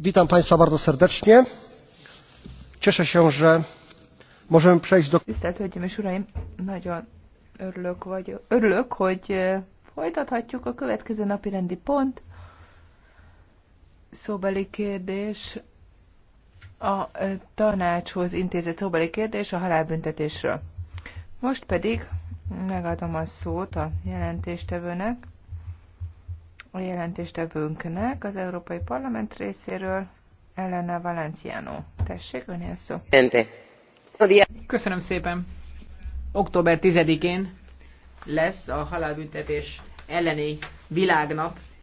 witam państwa bardzo serdecznie. cieszę się że możemy przejść do. tisztelt hölgyeim és uraim nagyon örülök örülök hogy e, folytathatjuk a következő napi rendi pont szóbeli kérdés a e, tanácshoz intézett szóbeli kérdés a halálbüntetésről. Most pedig megadom a szót a jelentéstevőnek a jelentéstevőnknek az Európai Parlament részéről, Elena Valenciano. Tessék, ön szó. Köszönöm szépen. Október 10-én lesz a halálbüntetés elleni világnap.